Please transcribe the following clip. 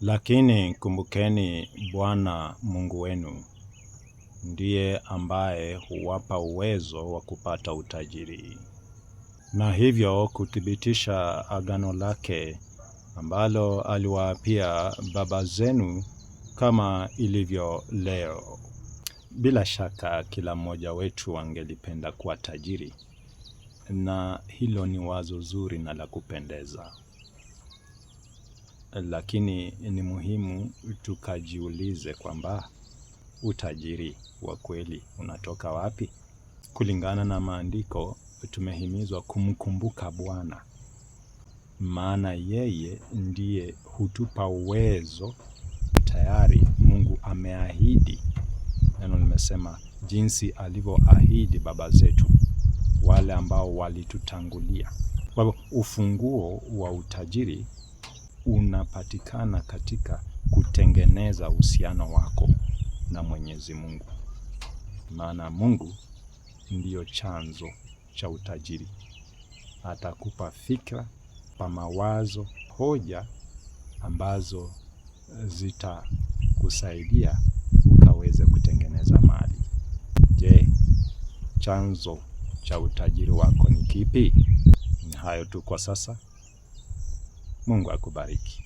Lakini kumbukeni Bwana Mungu wenu ndiye ambaye huwapa uwezo wa kupata utajiri, na hivyo kuthibitisha agano lake ambalo aliwaapia baba zenu kama ilivyo leo. Bila shaka kila mmoja wetu angelipenda kuwa tajiri, na hilo ni wazo zuri na la kupendeza lakini ni muhimu tukajiulize kwamba utajiri wa kweli unatoka wapi? Kulingana na maandiko, tumehimizwa kumkumbuka Bwana, maana yeye ndiye hutupa uwezo. Tayari Mungu ameahidi, neno limesema jinsi alivyoahidi baba zetu wale ambao walitutangulia. Kwa hivyo ufunguo wa utajiri unapatikana katika kutengeneza uhusiano wako na Mwenyezi Mungu, maana Mungu ndiyo chanzo cha utajiri. Atakupa fikra pa mawazo, hoja ambazo zitakusaidia ukaweze kutengeneza mali. Je, chanzo cha utajiri wako ni kipi? Ni hayo tu kwa sasa. Mungu akubariki.